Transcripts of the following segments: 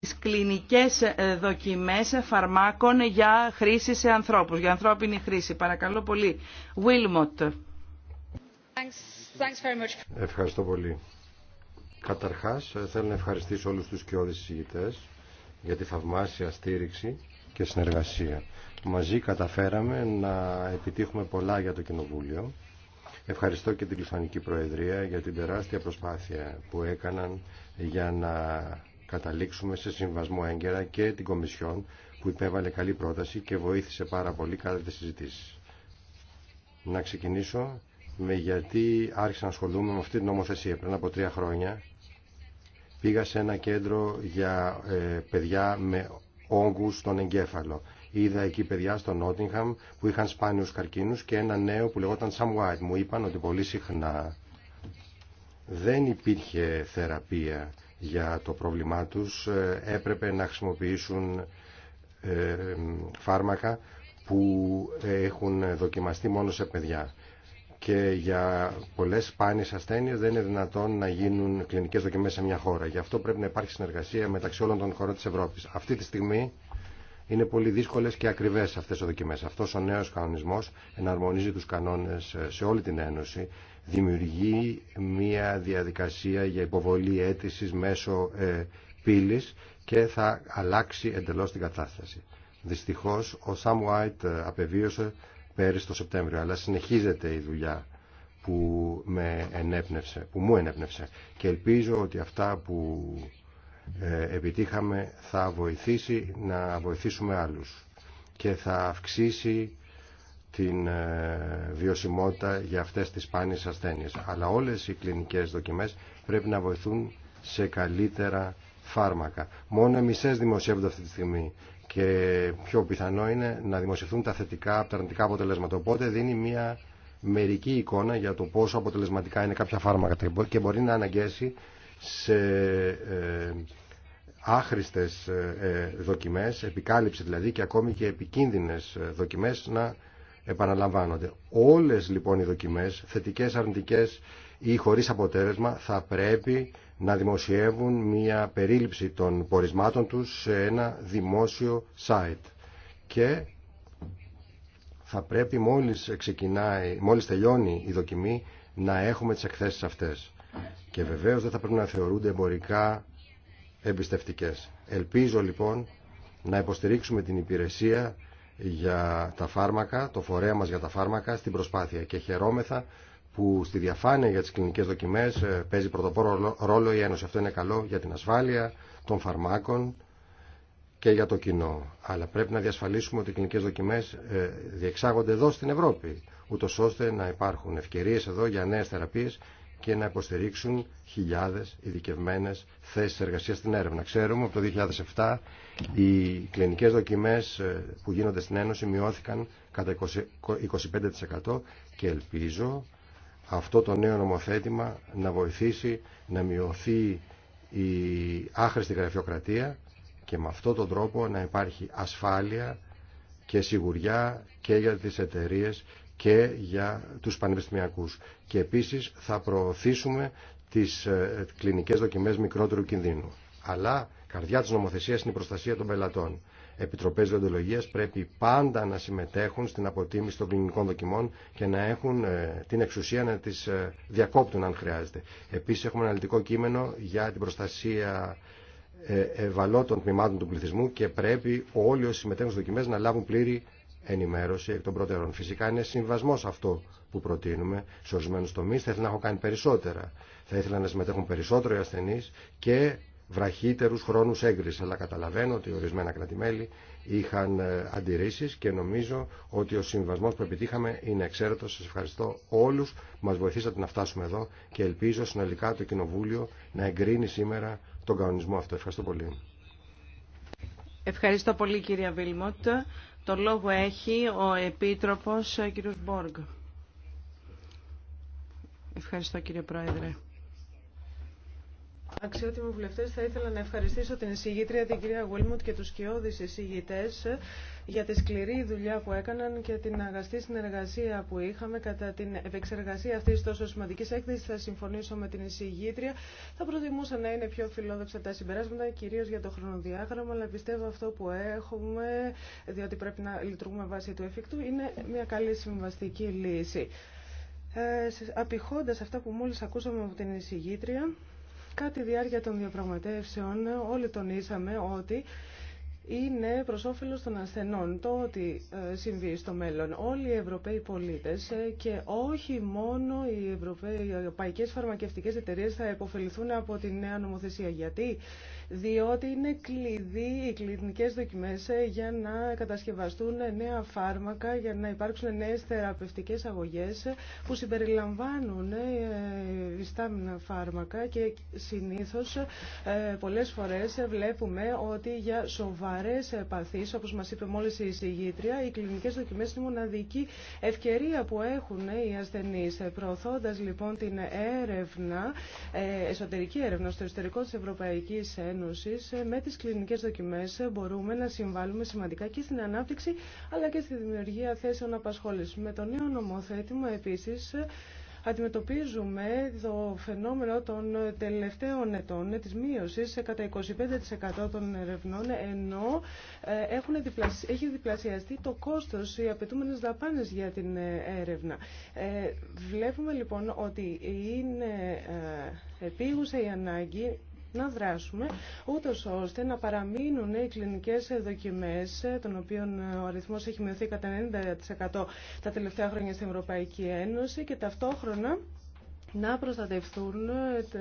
τις κλινικές ε, δοκιμές φαρμάκων για χρήση σε ανθρώπους, για ανθρώπινη χρήση. Παρακαλώ πολύ. Wilmot. Ευχαριστώ πολύ. Καταρχάς, ε, θέλω να ευχαριστήσω όλους τους κοιόδης συζητητές για τη θαυμάσια στήριξη και συνεργασία. Μαζί καταφέραμε να επιτύχουμε πολλά για το Κοινοβούλιο. Ευχαριστώ και την Λιθανική Προεδρία για την τεράστια προσπάθεια που έκαναν για να καταλήξουμε σε συμβασμό έγκαιρα και την Κομισιόν που υπέβαλε καλή πρόταση και βοήθησε πάρα πολύ κατά τις συζητήσεις. Να ξεκινήσω με γιατί άρχισα να ασχολούμαι με αυτή την νομοθεσία πριν από τρία χρόνια. Πήγα σε ένα κέντρο για ε, παιδιά με όγκους στον εγκέφαλο. Είδα εκεί παιδιά στο Νότιγχαμ που είχαν σπάνιους καρκίνους και ένα νέο που λεγόταν Sam Μου είπαν ότι πολύ συχνά δεν υπήρχε θεραπεία για το πρόβλημά τους ε, έπρεπε να χρησιμοποιήσουν ε, φάρμακα που ε, έχουν δοκιμαστεί μόνο σε παιδιά και για πολλές σπάνιες ασθένειες δεν είναι δυνατόν να γίνουν κλινικές δοκιμές σε μια χώρα. Γι' αυτό πρέπει να υπάρχει συνεργασία μεταξύ όλων των χωρών της Ευρώπης. Αυτή τη στιγμή είναι πολύ δύσκολες και ακριβές αυτές οι δοκιμές. Αυτός ο νέος κανονισμός εναρμονίζει τους κανόνες σε όλη την Ένωση δημιουργεί μια διαδικασία για υποβολή αίτησης μέσω ε, πύλης και θα αλλάξει εντελώς την κατάσταση. Δυστυχώς ο Sam White ε, απεβίωσε πέρυσι το Σεπτέμβριο, αλλά συνεχίζεται η δουλειά που, με που μου ενέπνευσε και ελπίζω ότι αυτά που ε, επιτύχαμε θα βοηθήσει να βοηθήσουμε άλλους και θα αυξήσει την ε, βιωσιμότητα για αυτές τις σπάνιες ασθένειες. Αλλά όλες οι κλινικές δοκιμές πρέπει να βοηθούν σε καλύτερα φάρμακα. Μόνο μισές δημοσιεύονται αυτή τη στιγμή και πιο πιθανό είναι να δημοσιευθούν τα θετικά από τα αρνητικά αποτελέσματα. Οπότε δίνει μια μερική εικόνα για το πόσο αποτελεσματικά είναι κάποια φάρμακα και μπορεί να αναγκαίσει σε ε, άχρηστες ε, δοκιμές, επικάλυψη δηλαδή και ακόμη και επικίνδυνες δοκιμές να επαναλαμβάνονται. Όλες λοιπόν οι δοκιμές, θετικές, αρνητικές ή χωρίς αποτέλεσμα, θα πρέπει να δημοσιεύουν μια περίληψη των πορισμάτων τους σε ένα δημόσιο site. Και θα πρέπει μόλις, ξεκινάει, μόλις τελειώνει η δοκιμή να έχουμε τις εκθέσεις αυτές. Και βεβαίως δεν θα πρέπει να θεωρούνται εμπορικά εμπιστευτικές. Ελπίζω λοιπόν να υποστηρίξουμε την υπηρεσία για τα φάρμακα, το φορέα μας για τα φάρμακα στην προσπάθεια και χαιρόμεθα που στη διαφάνεια για τις κλινικές δοκιμές ε, παίζει πρωτοπόρο ρόλο η Ένωση. Αυτό είναι καλό για την ασφάλεια των φαρμάκων και για το κοινό. Αλλά πρέπει να διασφαλίσουμε ότι οι κλινικές δοκιμές ε, διεξάγονται εδώ στην Ευρώπη, ούτως ώστε να υπάρχουν ευκαιρίες εδώ για νέες θεραπείες και να υποστηρίξουν χιλιάδες ειδικευμένε θέσεις εργασίας στην έρευνα. Ξέρουμε από το 2007 οι κλινικές δοκιμές ε, που γίνονται στην Ένωση μειώθηκαν κατά 25% και ελπίζω αυτό το νέο νομοθέτημα να βοηθήσει να μειωθεί η άχρηστη γραφειοκρατία και με αυτόν τον τρόπο να υπάρχει ασφάλεια και σιγουριά και για τις εταιρείες και για τους πανεπιστημιακούς. Και επίσης θα προωθήσουμε τις ε, κλινικές δοκιμές μικρότερου κινδύνου. Αλλά καρδιά της νομοθεσίας είναι η προστασία των πελατών. Επιτροπές διοντολογίας πρέπει πάντα να συμμετέχουν στην αποτίμηση των κλινικών δοκιμών και να έχουν ε, την εξουσία να τις ε, διακόπτουν αν χρειάζεται. Επίσης έχουμε αναλυτικό κείμενο για την προστασία ευαλώτων τμήματων του πληθυσμού και πρέπει όλοι όσοι συμμετέχουν στις δοκιμές να λάβουν πλήρη ενημέρωση εκ των προτέρων. Φυσικά είναι συμβασμό αυτό που προτείνουμε. Σε ορισμένου τομεί θα ήθελα να έχω κάνει περισσότερα. Θα ήθελα να συμμετέχουν περισσότερο οι ασθενεί και βραχύτερου χρόνου έγκριση. Αλλά καταλαβαίνω ότι ορισμένα κρατημέλη είχαν ε, αντιρρήσει και νομίζω ότι ο συμβασμό που επιτύχαμε είναι εξαίρετο. Σα ευχαριστώ όλου που μα βοηθήσατε να φτάσουμε εδώ και ελπίζω συνολικά το Κοινοβούλιο να εγκρίνει σήμερα τον κανονισμό αυτό. Ευχαριστώ πολύ. Ευχαριστώ πολύ κυρία Βίλμοντ. Το λόγο έχει ο Επίτροπος ε, κ. Μπόργ. Ευχαριστώ κύριε Πρόεδρε. Αξιότιμοι βουλευτές, θα ήθελα να ευχαριστήσω την εισηγήτρια, την κυρία Γουλμούτ και τους κοιόδης εισηγητές για τη σκληρή δουλειά που έκαναν και την αγαστή συνεργασία που είχαμε κατά την επεξεργασία αυτή τη τόσο σημαντική έκθεση. Θα συμφωνήσω με την εισηγήτρια. Θα προτιμούσα να είναι πιο φιλόδοξα τα συμπεράσματα, κυρίω για το χρονοδιάγραμμα, αλλά πιστεύω αυτό που έχουμε, διότι πρέπει να λειτουργούμε βάσει του εφικτού, είναι μια καλή συμβαστική λύση. Ε, απηχώντας αυτά που μόλι ακούσαμε από την εισηγήτρια, κάτι διάρκεια των διαπραγματεύσεων όλοι τονίσαμε ότι είναι προ όφελο των ασθενών το ότι ε, συμβεί στο μέλλον. Όλοι οι Ευρωπαίοι πολίτε ε, και όχι μόνο οι ευρωπαϊκέ φαρμακευτικέ εταιρείε θα υποφεληθούν από τη νέα νομοθεσία. Γιατί? Διότι είναι κλειδί οι κλινικέ δοκιμέ ε, για να κατασκευαστούν νέα φάρμακα, για να υπάρξουν νέε θεραπευτικέ αγωγέ που συμπεριλαμβάνουν ιστάμινα φάρμακα και συνήθω πολλέ φορέ βλέπουμε ότι για σοβαρά σοβαρές ε, παθήσεις, όπως μας είπε μόλις η συγγήτρια, οι κλινικές δοκιμές είναι μοναδική ευκαιρία που έχουν ε, οι ασθενείς. Ε, προωθώντα λοιπόν την έρευνα, εσωτερική έρευνα στο εσωτερικό της Ευρωπαϊκής Ένωσης, με τις κλινικές δοκιμές μπορούμε να συμβάλλουμε σημαντικά και στην ανάπτυξη, αλλά και στη δημιουργία θέσεων απασχόληση. Με το νέο νομοθέτημα επίσης αντιμετωπίζουμε το φαινόμενο των τελευταίων ετών της μείωσης κατά 25% των ερευνών ενώ ε, έχουν έχει διπλασιαστεί το κόστος, οι απαιτούμενες δαπάνες για την ε, έρευνα. Ε, βλέπουμε λοιπόν ότι είναι επίγουσα η ανάγκη να δράσουμε, ούτω ώστε να παραμείνουν οι κλινικέ δοκιμέ, των οποίων ο αριθμό έχει μειωθεί κατά 90% τα τελευταία χρόνια στην Ευρωπαϊκή Ένωση και ταυτόχρονα να προστατευτούν ε,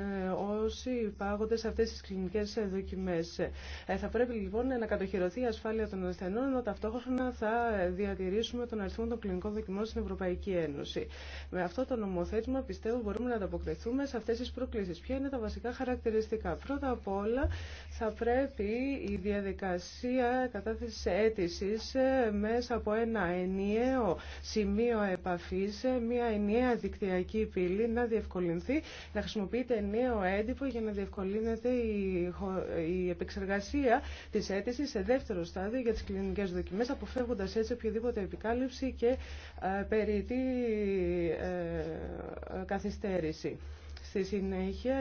όσοι υπάγονται σε αυτές τις κλινικές ε, δοκιμές. Ε, θα πρέπει λοιπόν να κατοχυρωθεί η ασφάλεια των ασθενών, ενώ ταυτόχρονα θα διατηρήσουμε τον αριθμό των κλινικών δοκιμών στην Ευρωπαϊκή Ένωση. Με αυτό το νομοθέτημα πιστεύω μπορούμε να ανταποκριθούμε σε αυτές τις προκλήσεις. Ποια είναι τα βασικά χαρακτηριστικά. Πρώτα απ' όλα θα πρέπει η διαδικασία κατάθεσης αίτησης μέσα από ένα ενιαίο σημείο επαφής, μια ενιαία δικτυακή πύλη να διευκολυνθεί, να χρησιμοποιείται νέο έντυπο για να διευκολύνεται η επεξεργασία της αίτηση σε δεύτερο στάδιο για τις κλινικές δοκιμές, αποφεύγοντας έτσι οποιαδήποτε επικάλυψη και ε, περίτη ε, καθυστέρηση. Στη συνέχεια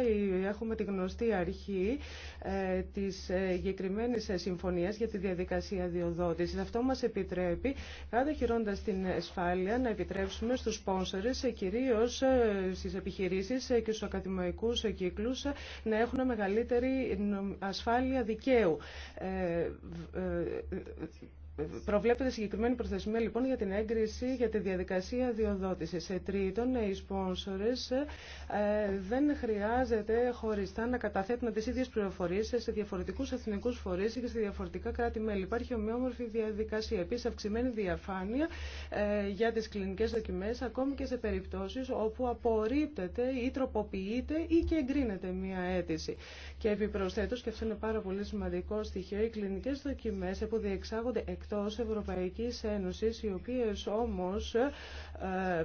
έχουμε τη γνωστή αρχή ε, της ε, εγκεκριμένη ε, συμφωνίας για τη διαδικασία διοδότησης. Αυτό μας επιτρέπει, χειρώντα την ασφάλεια, να επιτρέψουμε στους σπόνσορες, κυρίως στις επιχειρήσεις και στους ακαδημαϊκούς κύκλους, να έχουν μεγαλύτερη ασφάλεια δικαίου. Προβλέπεται συγκεκριμένη προθεσμία λοιπόν για την έγκριση για τη διαδικασία διοδότηση. Σε τρίτον, οι σπόνσορε δεν χρειάζεται χωριστά να καταθέτουν τι ίδιε πληροφορίε σε διαφορετικού εθνικού φορεί και σε διαφορετικά κράτη-μέλη. Υπάρχει ομοιόμορφη διαδικασία. Επίση, αυξημένη διαφάνεια ε, για τι κλινικέ δοκιμέ, ακόμη και σε περιπτώσει όπου απορρίπτεται ή τροποποιείται ή και εγκρίνεται μία αίτηση. Και επιπροσθέτω, και αυτό είναι πάρα πολύ σημαντικό στοιχείο, οι κλινικέ δοκιμέ που διεξάγονται εκτός Ευρωπαϊκής Ένωσης, οι οποίε όμω ε,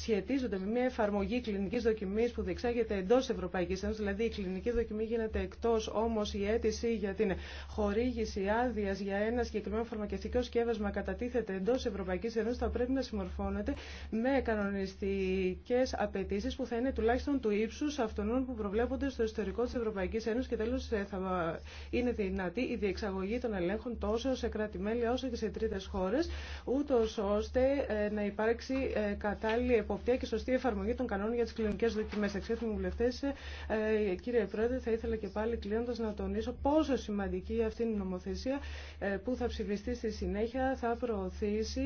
σχετίζονται με μια εφαρμογή κλινική δοκιμή που διεξάγεται εντό Ευρωπαϊκή Ένωση, δηλαδή η κλινική δοκιμή γίνεται εκτό όμω η αίτηση για την χορήγηση άδεια για ένα συγκεκριμένο φαρμακευτικό σκεύασμα κατατίθεται εντό Ευρωπαϊκή Ένωση, θα πρέπει να συμμορφώνεται με κανονιστικέ απαιτήσει που θα είναι τουλάχιστον του ύψου αυτών που προβλέπονται στο ιστορικό τη Ευρωπαϊκή. Ευρωπαϊκή Ένωση και τέλο ε, θα ε, είναι δυνατή η διεξαγωγή των ελέγχων τόσο σε κράτη-μέλη όσο και σε τρίτε χώρε, ούτω ώστε ε, να υπάρξει κατάλληλη εποπτεία και σωστή εφαρμογή των κανόνων για τι κλινικέ δοκιμέ. Εξαίρετοι μου κύριε Πρόεδρε, θα ήθελα και πάλι κλείνοντα να τονίσω πόσο σημαντική αυτή η νομοθεσία που θα ψηφιστεί στη συνέχεια, θα προωθήσει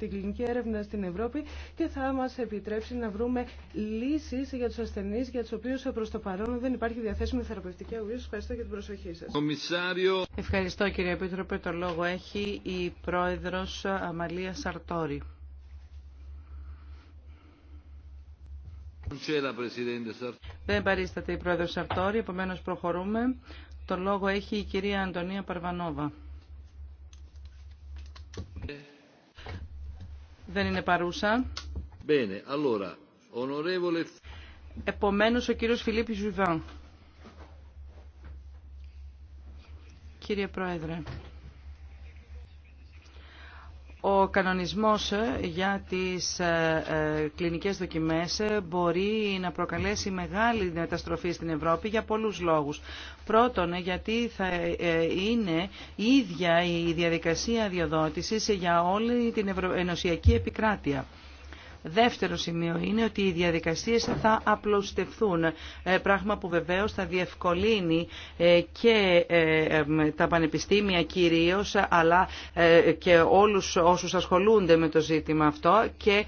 την κλινική έρευνα στην Ευρώπη και θα μα επιτρέψει να βρούμε λύσει για του ασθενεί για του οποίου προ το παρόν δεν υπάρχει διαθέσιμη θεραπευτική αγωγή. Σας ευχαριστώ για την προσοχή σας. Ευχαριστώ κύριε Επίτροπε. Το λόγο έχει η πρόεδρος Αμαλία Σαρτόρη. Δεν παρίσταται η πρόεδρος Σαρτόρη, επομένω προχωρούμε. Το λόγο έχει η κυρία Αντωνία Παρβανόβα. Δεν είναι παρούσα. Bene, Επομένω, ο κύριος Φιλίπ Ζουβάν. Κύριε Πρόεδρε, ο κανονισμός για τις ε, ε, κλινικές δοκιμές μπορεί να προκαλέσει μεγάλη καταστροφή στην Ευρώπη για πολλούς λόγους. Πρώτον, γιατί θα ε, είναι ίδια η διαδικασία διοδότησης για όλη την ενωσιακή επικράτεια. Δεύτερο σημείο είναι ότι οι διαδικασίες θα απλουστευθούν, ε, πράγμα που βεβαίως θα διευκολύνει ε, και ε, τα πανεπιστήμια κυρίως, αλλά και όλους όσους ασχολούνται με το ζήτημα αυτό και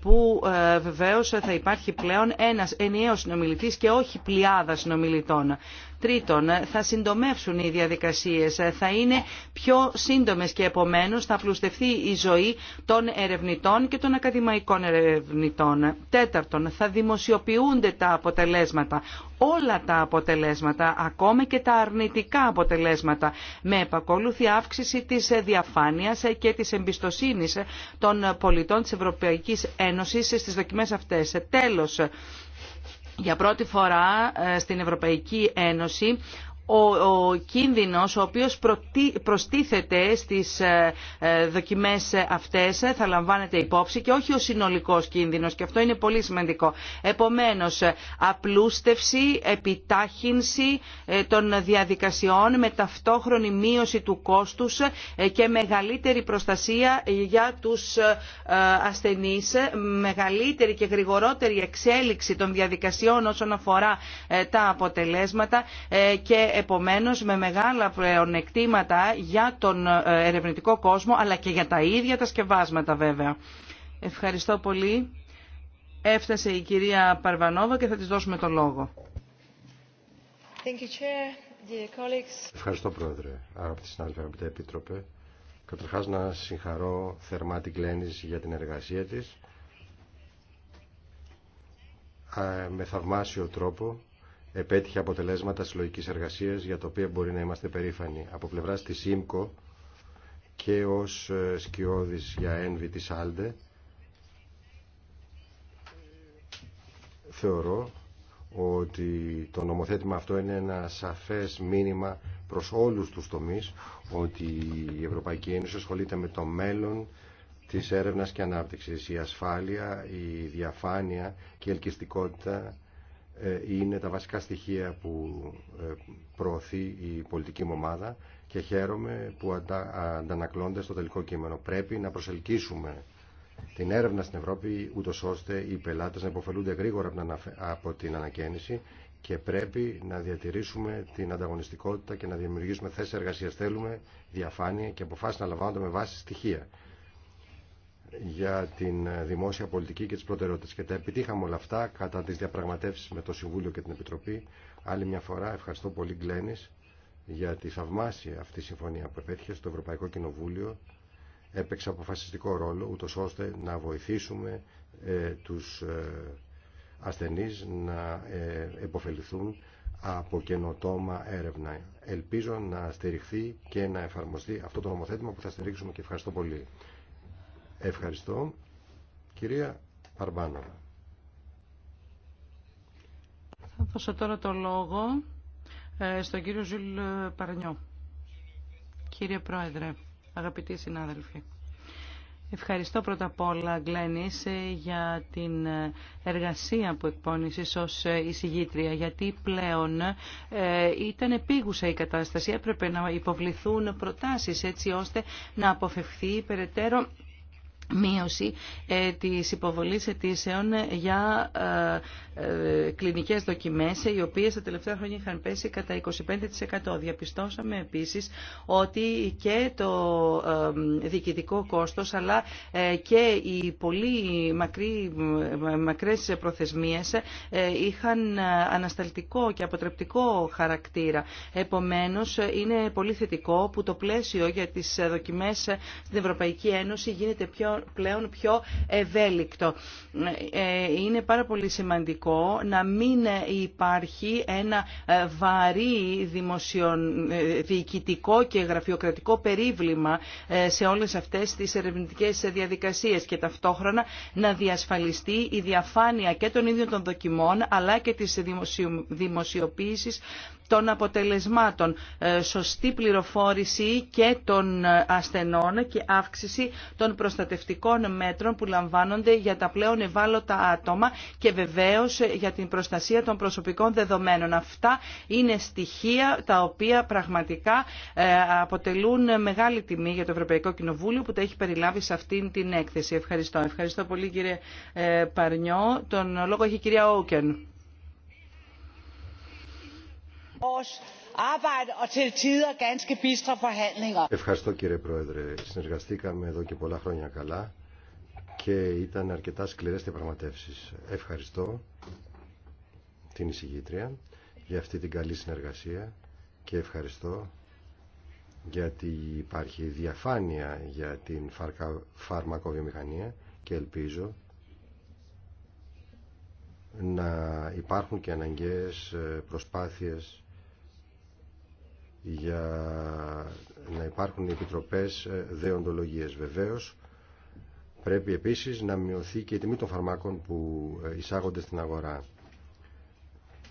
που βεβαίως θα υπάρχει πλέον ένας ενιαίος συνομιλητής και όχι πλειάδα συνομιλητών. Τρίτον, θα συντομεύσουν οι διαδικασίες, θα είναι πιο σύντομες και επομένως θα πλουστευτεί η ζωή των ερευνητών και των ακαδημαϊκών ερευνητών. Τέταρτον, θα δημοσιοποιούνται τα αποτελέσματα, όλα τα αποτελέσματα, ακόμα και τα αρνητικά αποτελέσματα, με επακόλουθη αύξηση της διαφάνειας και της εμπιστοσύνης των πολιτών της Ευρωπαϊκής Ένωσης στις δοκιμές αυτές. Τέλος, για πρώτη φορά ε, στην Ευρωπαϊκή Ένωση ο κίνδυνος ο οποίος προστίθεται στις ε, ε, δοκιμές αυτές θα λαμβάνεται υπόψη και όχι ο συνολικός κίνδυνος και αυτό είναι πολύ σημαντικό. Επομένως, απλούστευση, επιτάχυνση ε, των διαδικασιών με ταυτόχρονη μείωση του κόστους και μεγαλύτερη προστασία για τους ασθενείς, μεγαλύτερη και γρηγορότερη εξέλιξη των διαδικασιών όσον αφορά τα αποτελέσματα και επομένως με μεγάλα πλεονεκτήματα για τον ε, ερευνητικό κόσμο αλλά και για τα ίδια τα σκευάσματα βέβαια. Ευχαριστώ πολύ. Έφτασε η κυρία Παρβανόβα και θα της δώσουμε το λόγο. Thank you, Chair. Ευχαριστώ Πρόεδρε, αγαπητοί συνάδελφοι, αγαπητέ Επίτροπε. Καταρχάς να συγχαρώ θερμά την για την εργασία της με θαυμάσιο τρόπο επέτυχε αποτελέσματα συλλογική εργασία για τα οποία μπορεί να είμαστε περήφανοι. Από πλευρά της ΣΥΜΚΟ και ως ε, σκιώδη για ένβη τη Άλντε θεωρώ ότι το νομοθέτημα αυτό είναι ένα σαφές μήνυμα προς όλους τους τομείς ότι η Ευρωπαϊκή Ένωση ασχολείται με το μέλλον της έρευνας και ανάπτυξης. Η ασφάλεια, η διαφάνεια και η ελκυστικότητα ε, είναι τα βασικά στοιχεία που ε, προωθεί η πολιτική μου ομάδα και χαίρομαι που αντανακλώνται στο τελικό κείμενο. Πρέπει να προσελκύσουμε την έρευνα στην Ευρώπη ούτω ώστε οι πελάτες να υποφελούνται γρήγορα από την ανακαίνιση και πρέπει να διατηρήσουμε την ανταγωνιστικότητα και να δημιουργήσουμε θέσεις εργασίας. Θέλουμε διαφάνεια και αποφάσεις να λαμβάνονται με βάση στοιχεία για την ε, δημόσια πολιτική και τις προτεραιότητες. Και τα επιτύχαμε όλα αυτά κατά τις διαπραγματεύσεις με το Συμβούλιο και την Επιτροπή. Άλλη μια φορά ευχαριστώ πολύ Γκλένης για τη θαυμάσια αυτή συμφωνία που επέτυχε στο Ευρωπαϊκό Κοινοβούλιο. Έπαιξε αποφασιστικό ρόλο ούτως ώστε να βοηθήσουμε ε, τους ε, ασθενείς να ε, επωφεληθούν από καινοτόμα έρευνα. Ελπίζω να στηριχθεί και να εφαρμοστεί αυτό το νομοθέτημα που θα στηρίξουμε και ευχαριστώ πολύ. Ευχαριστώ. Κυρία Παρμπάνοβα. Θα δώσω τώρα το λόγο ε, στον κύριο Ζουλ Παρνιό. Κύριε Πρόεδρε, αγαπητοί συνάδελφοι. Ευχαριστώ πρώτα απ' όλα, Γκλένις, ε, για την εργασία που εκπώνησες ως εισηγήτρια, γιατί πλέον ε, ήταν επίγουσα η κατάσταση. Έπρεπε να υποβληθούν προτάσεις έτσι ώστε να αποφευχθεί περαιτέρω μείωση ε, της υποβολής αιτήσεων για ε, ε, κλινικές δοκιμές οι οποίες τα τελευταία χρόνια είχαν πέσει κατά 25%. Διαπιστώσαμε επίσης ότι και το διοικητικό κόστος αλλά και οι πολύ μακρύ, μακρές προθεσμίες είχαν ανασταλτικό και αποτρεπτικό χαρακτήρα. Επομένως είναι πολύ θετικό που το πλαίσιο για τις δοκιμές στην Ευρωπαϊκή Ένωση γίνεται πιο πλέον πιο ευέλικτο. Ε, είναι πάρα πολύ σημαντικό να μην υπάρχει ένα ε, βαρύ δημοσιον... Ε, διοικητικό και γραφειοκρατικό περίβλημα σε όλες αυτές τις ερευνητικές διαδικασίες και ταυτόχρονα να διασφαλιστεί η διαφάνεια και των ίδιων των δοκιμών αλλά και της δημοσιοποίησης των αποτελεσμάτων, ε, σωστή πληροφόρηση και των ασθενών και αύξηση των προστατευτικών μέτρων που λαμβάνονται για τα πλέον ευάλωτα άτομα και βεβαίως για την προστασία των προσωπικών δεδομένων. Αυτά είναι στοιχεία τα οποία πραγματικά ε, αποτελούν μεγάλη τιμή για το Ευρωπαϊκό Κοινοβούλιο που τα έχει περιλάβει σε αυτήν την έκθεση. Ευχαριστώ. Ευχαριστώ πολύ κύριε ε, Παρνιό. Τον λόγο έχει η κυρία Όκεν. Ευχαριστώ κύριε Πρόεδρε. Συνεργαστήκαμε εδώ και πολλά χρόνια καλά και ήταν αρκετά σκληρές πραγματεύσεις. Ευχαριστώ την εισηγήτρια για αυτή την καλή συνεργασία και ευχαριστώ γιατί υπάρχει διαφάνεια για την φαρμακοβιομηχανία και ελπίζω να υπάρχουν και αναγκαίες ε, προσπάθειες για να υπάρχουν οι επιτροπές ε, δεοντολογίες. Βεβαίως, πρέπει επίσης να μειωθεί και η τιμή των φαρμάκων που ε, εισάγονται στην αγορά.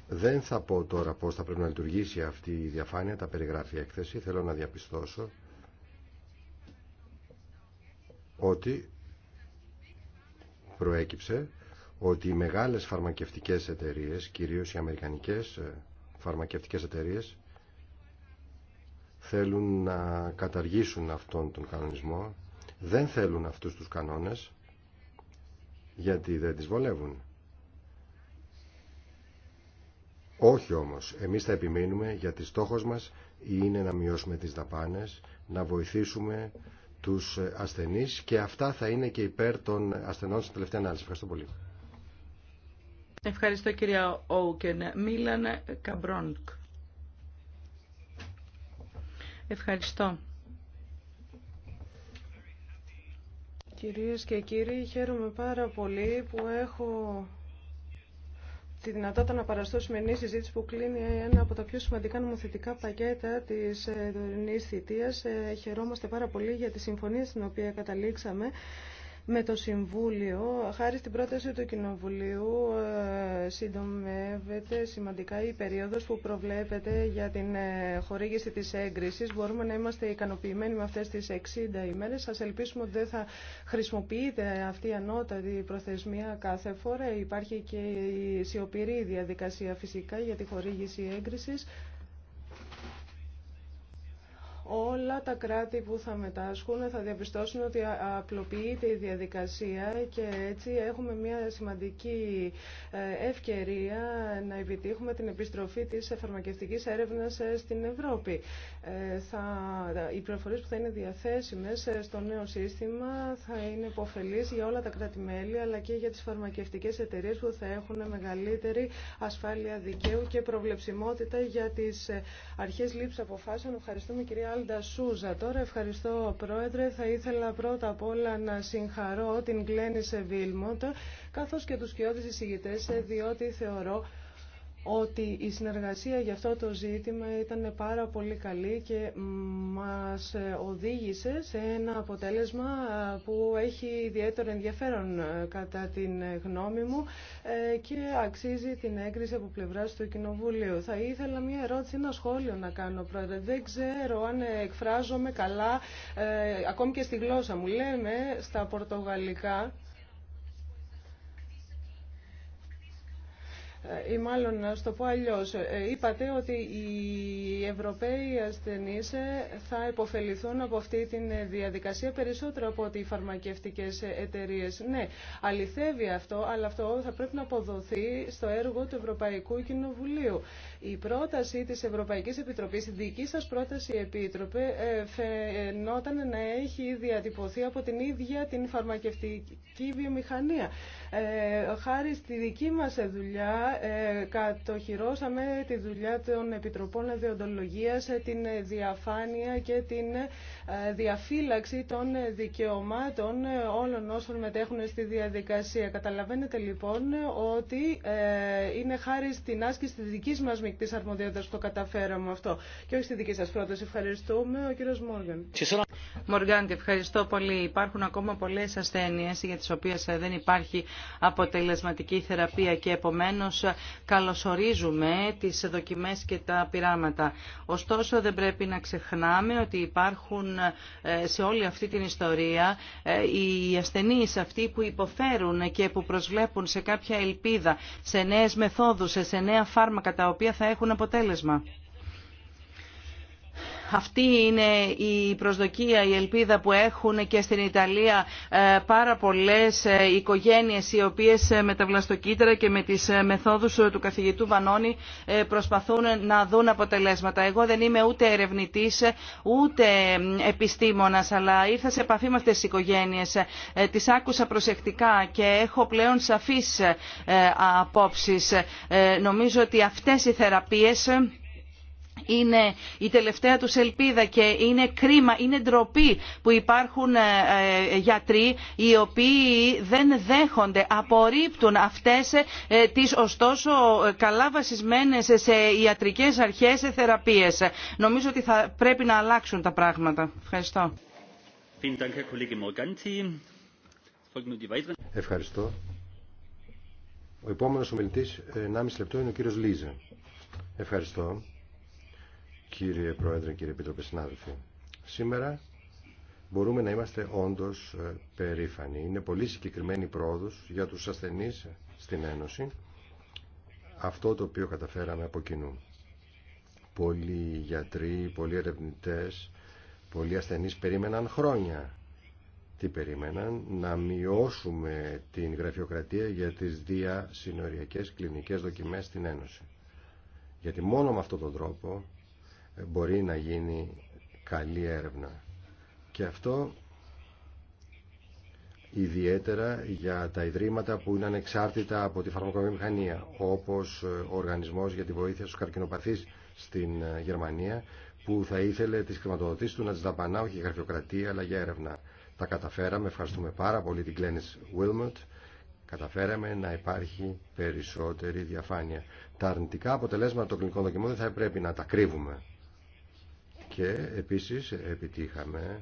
Δεν θα πω τώρα πώς θα πρέπει να λειτουργήσει αυτή η διαφάνεια, τα περιγράφει η έκθεση. Θέλω να διαπιστώσω ότι προέκυψε ότι οι μεγάλες φαρμακευτικές εταιρείες, κυρίως οι αμερικανικές ε, φαρμακευτικές εταιρείες, θέλουν να καταργήσουν αυτόν τον κανονισμό, δεν θέλουν αυτούς τους κανόνες, γιατί δεν τις βολεύουν. Όχι όμως, εμείς θα επιμείνουμε γιατί στόχος μας είναι να μειώσουμε τις δαπάνες, να βοηθήσουμε τους ασθενείς και αυτά θα είναι και υπέρ των ασθενών στην τελευταία ανάλυση. Ευχαριστώ πολύ. Ευχαριστώ κυρία Όουκεν. Μίλαν Καμπρόνκ. Ευχαριστώ. Κυρίες και κύριοι, χαίρομαι πάρα πολύ που έχω τη δυνατότητα να παραστώ σημερινή συζήτηση που κλείνει ένα από τα πιο σημαντικά νομοθετικά πακέτα της ε, τωρινής θητείας. Ε, χαιρόμαστε πάρα πολύ για τη συμφωνία στην οποία καταλήξαμε με το Συμβούλιο, χάρη στην πρόταση του Κοινοβουλίου, ε, συντομεύεται σημαντικά η περίοδος που προβλέπεται για την ε, χορήγηση της έγκρισης. Μπορούμε να είμαστε ικανοποιημένοι με αυτές τις 60 ημέρες. Σας ελπίσουμε ότι δεν θα χρησιμοποιείται αυτή η ανώτατη προθεσμία κάθε φορά. Υπάρχει και η σιωπηρή διαδικασία φυσικά για τη χορήγηση έγκρισης όλα τα κράτη που θα μετάσχουν θα διαπιστώσουν ότι απλοποιείται η διαδικασία και έτσι έχουμε μια σημαντική ε, ευκαιρία να επιτύχουμε την επιστροφή της φαρμακευτικής έρευνας ε, στην Ευρώπη. Ε, θα, οι πληροφορίες που θα είναι διαθέσιμες στο νέο σύστημα θα είναι υποφελείς για όλα τα κράτη-μέλη αλλά και για τις φαρμακευτικές εταιρείες που θα έχουν μεγαλύτερη ασφάλεια δικαίου και προβλεψιμότητα για τις αρχές λήψης αποφάσεων. Ευχαριστούμε κυρία Σούζα. Τώρα ευχαριστώ Πρόεδρε. Θα ήθελα πρώτα απ' όλα να συγχαρώ την Γκλένισε Βίλμοντ καθώς και τους κοιότητες εισηγητές διότι θεωρώ ότι η συνεργασία για αυτό το ζήτημα ήταν πάρα πολύ καλή και μας οδήγησε σε ένα αποτέλεσμα που έχει ιδιαίτερο ενδιαφέρον ε, κατά την γνώμη μου ε, και αξίζει την έγκριση από πλευρά του Κοινοβουλίου. Θα ήθελα μια ερώτηση, ένα σχόλιο να κάνω πρώτα. Δεν ξέρω αν εκφράζομαι καλά, ε, ακόμη και στη γλώσσα μου. Λέμε στα πορτογαλικά Ε, ή μάλλον να στο πω αλλιώ, ε, είπατε ότι οι Ευρωπαίοι ασθενεί ε, θα υποφεληθούν από αυτή τη διαδικασία περισσότερο από ότι οι φαρμακευτικές εταιρείε. Ναι, αληθεύει αυτό, αλλά αυτό θα πρέπει να αποδοθεί στο έργο του Ευρωπαϊκού Κοινοβουλίου. Η πρόταση της Ευρωπαϊκής Επιτροπής, η δική σα πρόταση επίτροπε, φαινόταν να έχει διατυπωθεί από την ίδια την φαρμακευτική βιομηχανία. Ε, χάρη στη δική μας δουλειά ε, κατοχυρώσαμε τη δουλειά των Επιτροπών Δεοντολογίας, ε, την διαφάνεια και την διαφύλαξη των δικαιωμάτων όλων όσων μετέχουν στη διαδικασία. Καταλαβαίνετε λοιπόν ότι είναι χάρη στην άσκηση της δικής μας μεικτής αρμοδιότητας που το καταφέραμε αυτό και όχι στη δική σας πρόταση. Ευχαριστούμε. Ο κύριος Μόργαν. Μοργάντη, ευχαριστώ πολύ. Υπάρχουν ακόμα πολλές ασθένειες για τις οποίες δεν υπάρχει αποτελεσματική θεραπεία και επομένως καλωσορίζουμε τις δοκιμές και τα πειράματα. Ωστόσο δεν πρέπει να ξεχνάμε ότι υπάρχουν ε, σε όλη αυτή την ιστορία ε, οι ασθενείς αυτοί που υποφέρουν και που προσβλέπουν σε κάποια ελπίδα, σε νέες μεθόδους, σε νέα φάρμακα τα οποία θα έχουν αποτέλεσμα. Αυτή είναι η προσδοκία, η ελπίδα που έχουν και στην Ιταλία ε, πάρα πολλές ε, οικογένειες οι οποίες ε, με τα βλαστοκύτταρα και με τις μεθόδους του καθηγητού Βανώνη προσπαθούν να δουν αποτελέσματα. Εγώ δεν είμαι ούτε ερευνητής ούτε επιστήμονας αλλά ήρθα σε επαφή με αυτές τις οικογένειες. Τις άκουσα προσεκτικά και έχω πλέον σαφείς απόψεις. Νομίζω ότι αυτές οι θεραπείες είναι η τελευταία τους ελπίδα και είναι κρίμα, είναι ντροπή που υπάρχουν ε, ε, γιατροί οι οποίοι δεν δέχονται, απορρίπτουν αυτές ε, τις ωστόσο καλά βασισμένες σε ιατρικές αρχές σε θεραπείες. Νομίζω ότι θα πρέπει να αλλάξουν τα πράγματα. Ευχαριστώ. Ευχαριστώ. Ο επόμενος ομιλητής 1,5 λεπτό είναι ο κύριος Λίζε. Ευχαριστώ. Κύριε Πρόεδρε, κύριε Επίτροπε, συνάδελφοι. Σήμερα μπορούμε να είμαστε όντως ε, περήφανοι. Είναι πολύ συγκεκριμένη πρόοδος για τους ασθενείς στην Ένωση αυτό το οποίο καταφέραμε από κοινού. Πολλοί γιατροί, πολλοί ερευνητέ, πολλοί ασθενείς περίμεναν χρόνια. Τι περίμεναν, να μειώσουμε την γραφειοκρατία για τις διασυνοριακές κλινικές δοκιμές στην Ένωση. Γιατί μόνο με αυτόν τον τρόπο μπορεί να γίνει καλή έρευνα. Και αυτό ιδιαίτερα για τα ιδρύματα που είναι ανεξάρτητα από τη φαρμακοβιομηχανία, όπως ε, ο Οργανισμός για τη Βοήθεια στους Καρκινοπαθείς στην ε, Γερμανία, που θα ήθελε τις χρηματοδοτήσεις του να τις δαπανά όχι για γραφειοκρατία αλλά για έρευνα. Τα καταφέραμε, ευχαριστούμε πάρα πολύ την Κλένης Wilmot, καταφέραμε να υπάρχει περισσότερη διαφάνεια. Τα αρνητικά αποτελέσματα των κλινικών δοκιμών δεν θα πρέπει να τα κρύβουμε. Και επίσης επιτύχαμε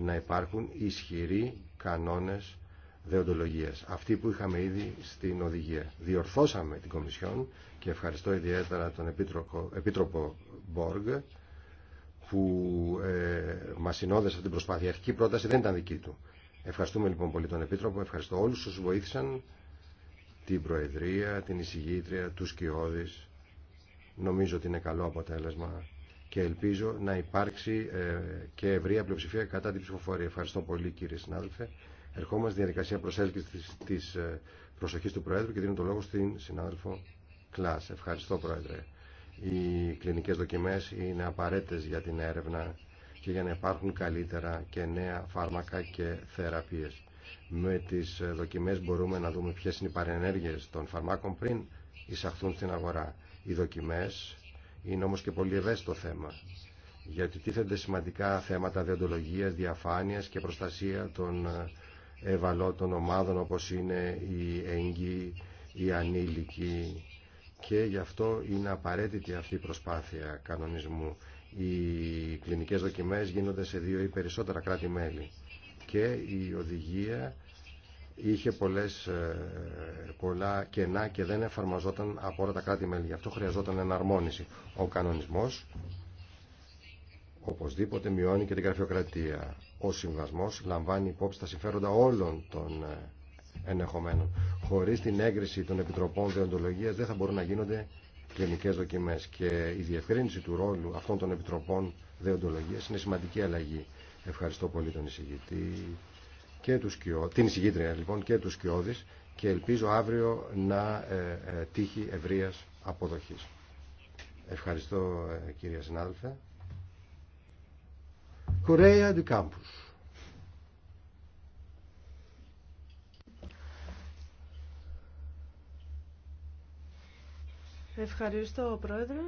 να υπάρχουν ισχυροί κανόνες δεοντολογίας. Αυτοί που είχαμε ήδη στην οδηγία. Διορθώσαμε την Κομισιόν και ευχαριστώ ιδιαίτερα τον Επίτροπο, Επίτροπο Μπόργ που ε, μας συνόδεσε αυτή την προσπάθεια. Η αρχική πρόταση δεν ήταν δική του. Ευχαριστούμε λοιπόν πολύ τον Επίτροπο, ευχαριστώ όλους όσους βοήθησαν την Προεδρία, την εισηγήτρια, τους Κιώδης. Νομίζω ότι είναι καλό αποτέλεσμα και ελπίζω να υπάρξει ε, και ευρία πλειοψηφία κατά την ψηφοφορία. Ευχαριστώ πολύ κύριε συνάδελφε. Ερχόμαστε στη διαδικασία προσέλκυσης της ε, προσοχής του Προέδρου και δίνω το λόγο στην συνάδελφο Κλάς. Ευχαριστώ Πρόεδρε. Οι κλινικές δοκιμές είναι απαραίτητες για την έρευνα και για να υπάρχουν καλύτερα και νέα φάρμακα και θεραπείες. Με τις ε, δοκιμές μπορούμε να δούμε ποιες είναι οι παρενέργειες των φαρμάκων πριν εισαχθούν στην αγορά. Οι δοκιμές είναι όμως και πολύ ευαίσθητο θέμα, γιατί τίθενται σημαντικά θέματα διοντολογίας, διαφάνειας και προστασία των ε, ευαλώτων ομάδων όπως είναι οι έγκοι, οι ανήλικοι και γι' αυτό είναι απαραίτητη αυτή η προσπάθεια κανονισμού. Οι κλινικές δοκιμές γίνονται σε δύο ή περισσότερα κράτη-μέλη και η οδηγία είχε πολλές, ε, πολλά κενά και δεν εφαρμοζόταν από όλα τα κράτη-μέλη. Γι' αυτό χρειαζόταν εναρμόνιση. Ο κανονισμός οπωσδήποτε μειώνει και την γραφειοκρατία. Ο συμβασμός λαμβάνει υπόψη τα συμφέροντα όλων των ε, ενεχομένων. Χωρίς την έγκριση των επιτροπών διοντολογίας δεν θα μπορούν να γίνονται κλινικές δοκιμές και η διευκρίνηση του ρόλου αυτών των επιτροπών διοντολογίας είναι σημαντική αλλαγή. Ευχαριστώ πολύ τον εισηγητή και τους την εισηγήτρια λοιπόν και του κοιόδης και ελπίζω αύριο να ε, ε, τύχει ευρεία αποδοχής. Ευχαριστώ ε, κυρία συνάδελφε. Κουρέα του Κάμπους. Ευχαριστώ, Πρόεδρε.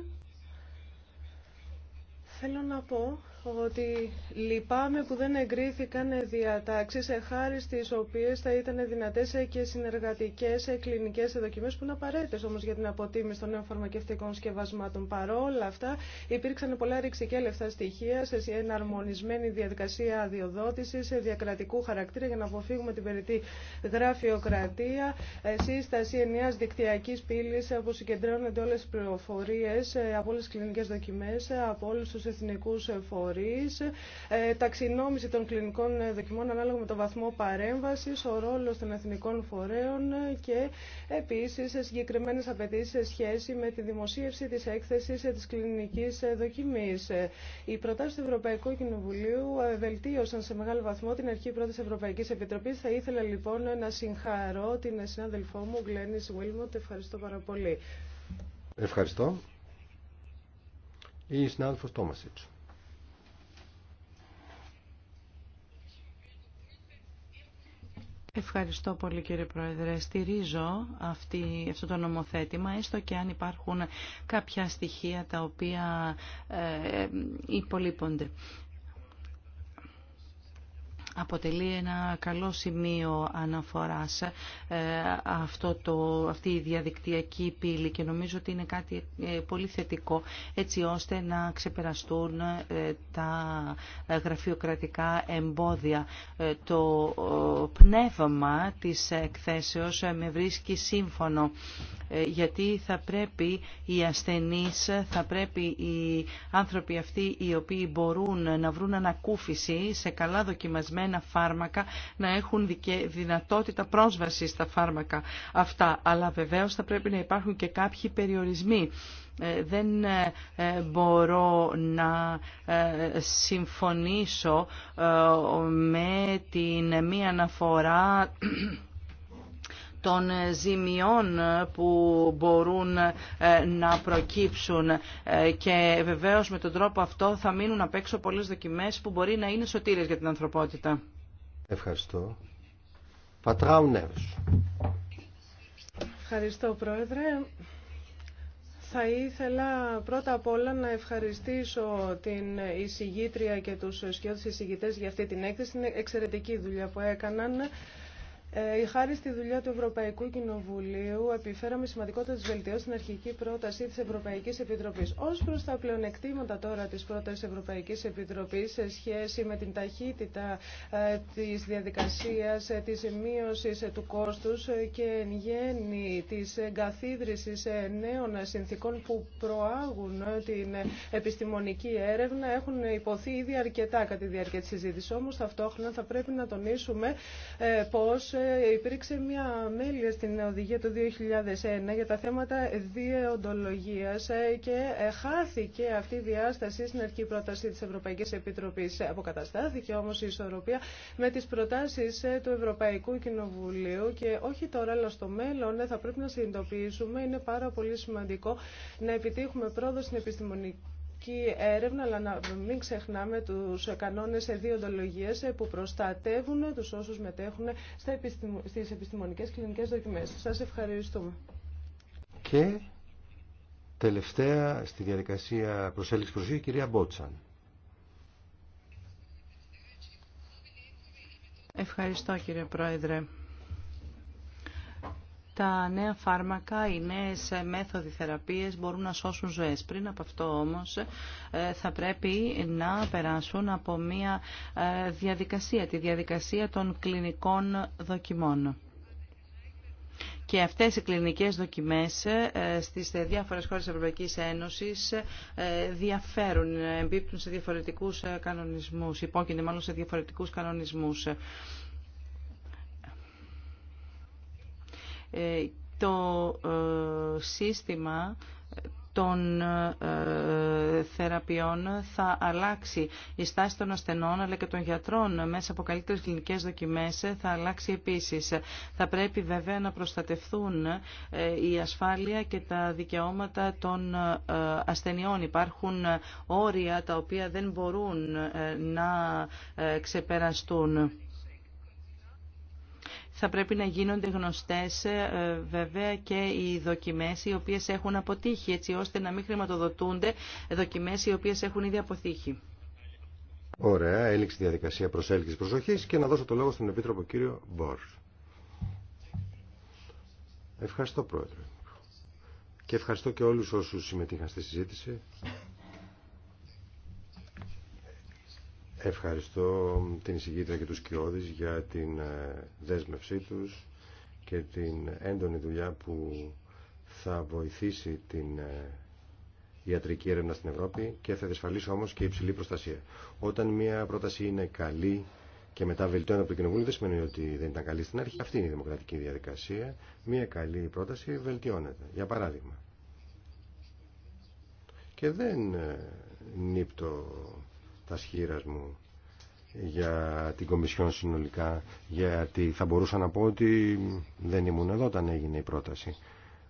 Θέλω να πω ότι λυπάμαι που δεν εγκρίθηκαν διατάξεις ε, χάρη στις οποίες θα ήταν δυνατές ε, και συνεργατικές ε, κλινικές δοκιμές που είναι απαραίτητες όμως για την αποτίμηση των νέων φαρμακευτικών σκευασμάτων. Παρόλα αυτά υπήρξαν πολλά ρηξικέλευτα στοιχεία σε εναρμονισμένη διαδικασία αδειοδότηση σε διακρατικού χαρακτήρα για να αποφύγουμε την περιττή γραφειοκρατία, σύσταση ενιαίας δικτυακής πύλης όπου συγκεντρώνονται όλε τι πληροφορίε από όλε τις κλινικές δοκιμές, από όλου του εθνικούς φορείς ε, ταξινόμηση των κλινικών δοκιμών ανάλογα με το βαθμό παρέμβαση, ο ρόλο των εθνικών φορέων και επίση συγκεκριμένε απαιτήσει σε σχέση με τη δημοσίευση τη έκθεση τη κλινική δοκιμή. Οι προτάσει του Ευρωπαϊκού Κοινοβουλίου ε, βελτίωσαν σε μεγάλο βαθμό την αρχή πρώτη Ευρωπαϊκή Επιτροπή. Θα ήθελα λοιπόν να συγχαρώ την συνάδελφό μου Γκλένη Βίλμοντ. Ευχαριστώ πάρα πολύ. Ευχαριστώ. Η συνάδελφος Τόμασιτς. Ευχαριστώ πολύ κύριε Πρόεδρε. Στηρίζω αυτή, αυτό το νομοθέτημα, έστω και αν υπάρχουν κάποια στοιχεία τα οποία ε, ε υπολείπονται αποτελεί ένα καλό σημείο αναφοράς ε, αυτό το, αυτή η διαδικτυακή πύλη και νομίζω ότι είναι κάτι ε, πολύ θετικό έτσι ώστε να ξεπεραστούν ε, τα γραφειοκρατικά εμπόδια. Το πνεύμα της εκθέσεως με βρίσκει σύμφωνο γιατί θα πρέπει οι ασθενείς, θα πρέπει οι άνθρωποι αυτοί οι οποίοι μπορούν να βρουν ανακούφιση σε καλά δοκιμασμένα συγκεκριμένα φάρμακα να έχουν δυνατότητα πρόσβαση στα φάρμακα αυτά. Αλλά βεβαίως θα πρέπει να υπάρχουν και κάποιοι περιορισμοί. Ε, δεν ε, ε, μπορώ να συμφωνήσω με την μία αναφορά των ζημιών που μπορούν ε, να προκύψουν ε, και βεβαίως με τον τρόπο αυτό θα μείνουν απ' έξω πολλές δοκιμές που μπορεί να είναι σωτήρες για την ανθρωπότητα. Ευχαριστώ. Πατράου Νέβης. Ευχαριστώ Πρόεδρε. Θα ήθελα πρώτα απ' όλα να ευχαριστήσω την εισηγήτρια και τους σκιώτες εισηγητές για αυτή την έκθεση. Είναι εξαιρετική δουλειά που έκαναν. Ε, χάρη στη δουλειά του Ευρωπαϊκού Κοινοβουλίου, επιφέραμε σημαντικότητα τη βελτιώσει στην αρχική πρόταση τη Ευρωπαϊκή Επιτροπή. Ω προ τα πλεονεκτήματα τώρα τη πρόταση Ευρωπαϊκή Επιτροπή σε σχέση με την ταχύτητα ε, τη διαδικασία, ε, τη μείωση ε, του κόστου ε, και εν γέννη τη εγκαθίδρυση ε, νέων συνθήκων που προάγουν την επιστημονική έρευνα, έχουν υποθεί ήδη αρκετά κατά τη διάρκεια τη συζήτηση. Όμω, ταυτόχρονα θα πρέπει να τονίσουμε πώ υπήρξε μια μέλη στην οδηγία του 2001 για τα θέματα διεοντολογίας ε, και ε, χάθηκε αυτή η διάσταση στην αρχή πρόταση της Ευρωπαϊκής Επιτροπής. Ε, αποκαταστάθηκε όμως η ισορροπία με τις προτάσεις του Ευρωπαϊκού Κοινοβουλίου και όχι τώρα αλλά στο μέλλον θα πρέπει να συνειδητοποιήσουμε, είναι πάρα πολύ σημαντικό να επιτύχουμε πρόοδο στην επιστημονική και έρευνα, αλλά να μην ξεχνάμε τους κανόνες διοντολογίας που προστατεύουν τους όσους μετέχουν στις επιστημονικές κλινικές δοκιμές. Σας ευχαριστούμε. Και τελευταία στη διαδικασία προσέλιξης προσοχή, η κυρία Μπότσαν. Ευχαριστώ κύριε Πρόεδρε τα νέα φάρμακα, οι νέες ε, μέθοδοι θεραπείες μπορούν να σώσουν ζωές. Πριν από αυτό όμως ε, θα πρέπει να περάσουν από μια ε, διαδικασία, τη διαδικασία των κλινικών δοκιμών. Και αυτές οι κλινικές δοκιμές στις διάφορες χώρες της Ευρωπαϊκής Ένωσης διαφέρουν, εμπίπτουν σε διαφορετικούς κανονισμούς, υπόκεινται μάλλον σε διαφορετικούς κανονισμούς. Ε, το ε, σύστημα των ε, θεραπείων θα αλλάξει. Η στάση των ασθενών αλλά και των γιατρών μέσα από καλύτερες κλινικές δοκιμές θα αλλάξει επίσης. Θα πρέπει βέβαια να προστατευθούν η ασφάλεια και τα δικαιώματα των ασθενειών. Υπάρχουν όρια τα οποία δεν μπορούν να ξεπεραστούν θα πρέπει να γίνονται γνωστές ε, βέβαια και οι δοκιμές οι οποίες έχουν αποτύχει, έτσι ώστε να μην χρηματοδοτούνται δοκιμές οι οποίες έχουν ήδη αποτύχει. Ωραία, Έληξη διαδικασία προσέλκυσης προσοχής και να δώσω το λόγο στον Επίτροπο κύριο Μπόρ. Ευχαριστώ Πρόεδρε. Και ευχαριστώ και όλους όσους συμμετείχαν στη συζήτηση. Ευχαριστώ την εισηγήτρια και τους Κιώδης για την ε, δέσμευσή τους και την έντονη δουλειά που θα βοηθήσει την ε, ιατρική έρευνα στην Ευρώπη και θα διασφαλίσει όμως και υψηλή προστασία. Όταν μια πρόταση είναι καλή και μετά βελτιώνεται από το Κοινοβούλιο δεν σημαίνει ότι δεν ήταν καλή στην αρχή. Αυτή είναι η δημοκρατική διαδικασία. Μια καλή πρόταση βελτιώνεται. Για παράδειγμα. Και δεν ε, νύπτω τα σχήρα μου για την Κομισιόν συνολικά γιατί θα μπορούσα να πω ότι δεν ήμουν εδώ όταν έγινε η πρόταση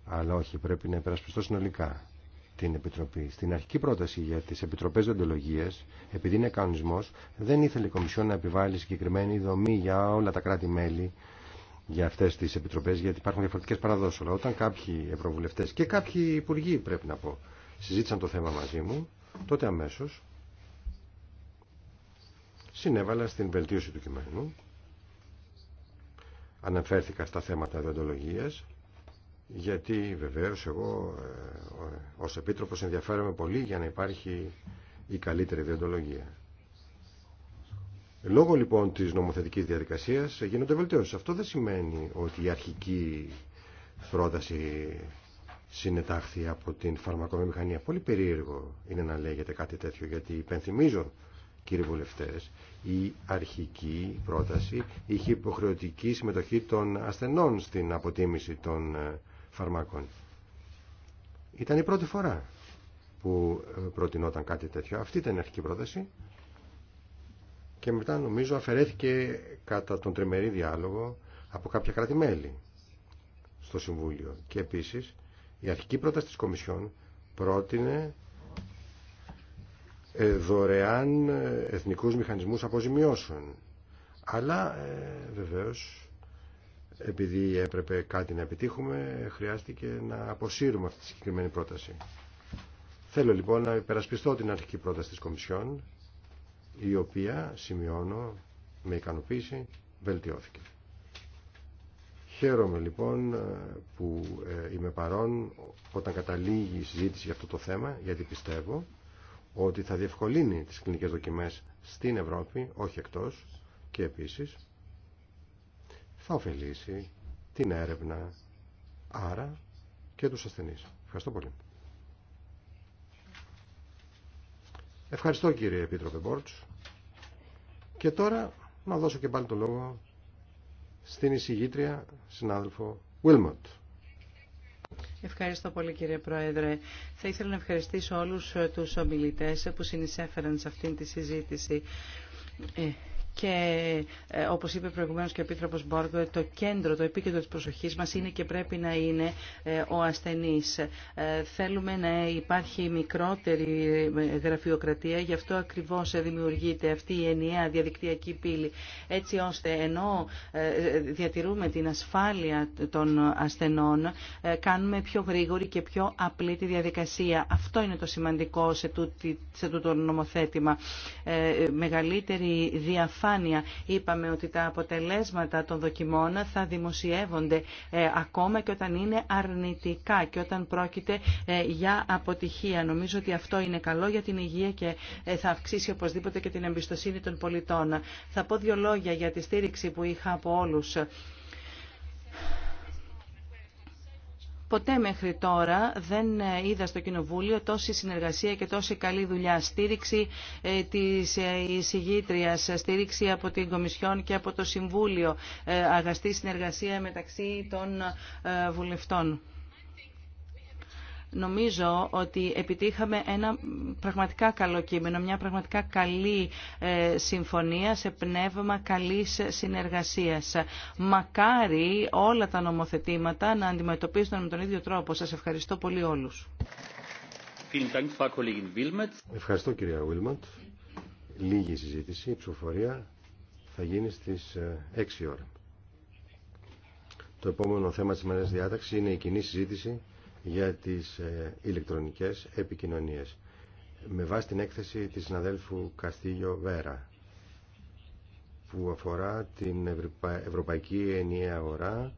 αλλά όχι πρέπει να υπερασπιστώ συνολικά την Επιτροπή. Στην αρχική πρόταση για τις Επιτροπές Δοντολογίες, επειδή είναι κανονισμός, δεν ήθελε η Κομισιόν να επιβάλλει συγκεκριμένη δομή για όλα τα κράτη-μέλη για αυτές τις Επιτροπές, γιατί υπάρχουν διαφορετικές παραδόσεις. όταν κάποιοι ευρωβουλευτές και κάποιοι υπουργοί, πρέπει να πω, συζήτησαν το θέμα μαζί μου, τότε αμέσως συνέβαλα στην βελτίωση του κειμένου. Αναφέρθηκα στα θέματα διοντολογίας, γιατί βεβαίως εγώ ε, ως Επίτροπος ενδιαφέρομαι πολύ για να υπάρχει η καλύτερη διοντολογία. Λόγω λοιπόν της νομοθετικής διαδικασίας γίνονται βελτιώσεις. Αυτό δεν σημαίνει ότι η αρχική πρόταση συνετάχθη από την φαρμακοβιομηχανία. Πολύ περίεργο είναι να λέγεται κάτι τέτοιο γιατί υπενθυμίζω κύριοι βουλευτές, η αρχική πρόταση είχε υποχρεωτική συμμετοχή των ασθενών στην αποτίμηση των ε, φαρμάκων. Ήταν η πρώτη φορά που ε, προτινόταν κάτι τέτοιο. Αυτή ήταν η αρχική πρόταση και μετά νομίζω αφαιρέθηκε κατά τον τριμερή διάλογο από κάποια κράτη-μέλη στο Συμβούλιο. Και επίσης η αρχική πρόταση της Κομισιόν πρότεινε ε, δωρεάν ε, εθνικούς μηχανισμούς αποζημιώσεων. Αλλά ε, βεβαίως επειδή έπρεπε κάτι να επιτύχουμε χρειάστηκε να αποσύρουμε αυτή τη συγκεκριμένη πρόταση. Θέλω λοιπόν να υπερασπιστώ την αρχική πρόταση της Κομισιόν η οποία, σημειώνω, με ικανοποίηση βελτιώθηκε. Χαίρομαι λοιπόν που είμαι παρόν όταν καταλήγει η συζήτηση για αυτό το θέμα, γιατί πιστεύω ότι θα διευκολύνει τις κλινικές δοκιμές στην Ευρώπη, όχι εκτός, και επίσης θα ωφελήσει την έρευνα, άρα και τους ασθενείς. Ευχαριστώ πολύ. Ευχαριστώ κύριε Επίτροπε Μπόρτς. Και τώρα να δώσω και πάλι το λόγο στην εισηγήτρια συνάδελφο Wilmot. Ευχαριστώ πολύ κύριε Πρόεδρε. Θα ήθελα να ευχαριστήσω όλους ε, τους ομιλητές ε, που συνεισέφεραν σε αυτήν τη συζήτηση. Ε, και ε, όπως είπε προηγουμένως και ο Επίτροπος Μπόργκο, το κέντρο, το επίκεντρο της προσοχής μας είναι και πρέπει να είναι ε, ο ασθενής. Ε, θέλουμε να υπάρχει μικρότερη γραφειοκρατία, γι' αυτό ακριβώς δημιουργείται αυτή η ενιαία διαδικτυακή πύλη, έτσι ώστε ενώ διατηρούμε την ασφάλεια των ασθενών, κάνουμε πιο γρήγορη και πιο απλή τη διαδικασία. Αυτό είναι το σημαντικό σε τούτο νομοθέτημα. Μεγαλύτερη διαφάνεια Είπαμε ότι τα αποτελέσματα των δοκιμών θα δημοσιεύονται ε, ακόμα και όταν είναι αρνητικά και όταν πρόκειται ε, για αποτυχία. Νομίζω ότι αυτό είναι καλό για την υγεία και ε, θα αυξήσει οπωσδήποτε και την εμπιστοσύνη των πολιτών. Θα πω δύο λόγια για τη στήριξη που είχα από όλους Ποτέ μέχρι τώρα δεν ε, είδα στο Κοινοβούλιο τόση συνεργασία και τόση καλή δουλειά. Στήριξη ε, της ε, εισηγήτριας, στήριξη από την Κομισιόν και από το Συμβούλιο, αγαστή συνεργασία μεταξύ των βουλευτών. Νομίζω ότι επιτύχαμε ένα πραγματικά καλό κείμενο, μια πραγματικά καλή ε, συμφωνία σε πνεύμα καλής συνεργασίας. Μακάρι όλα τα νομοθετήματα να αντιμετωπίζονται με τον ίδιο τρόπο. Σας ευχαριστώ πολύ όλους. Ευχαριστώ κυρία Βίλματ. Λίγη συζήτηση, ψηφοφορία θα γίνει στις 6 ε, ώρα. Το επόμενο θέμα της μέρας διάταξης είναι η κοινή συζήτηση για τις ε, ηλεκτρονικές επικοινωνίες. Με βάση την έκθεση της συναδέλφου Καστίγιο Βέρα που αφορά την Ευρωπαϊκή Ενιαία Αγορά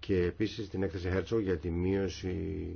και επίσης την έκθεση Herzog για τη μείωση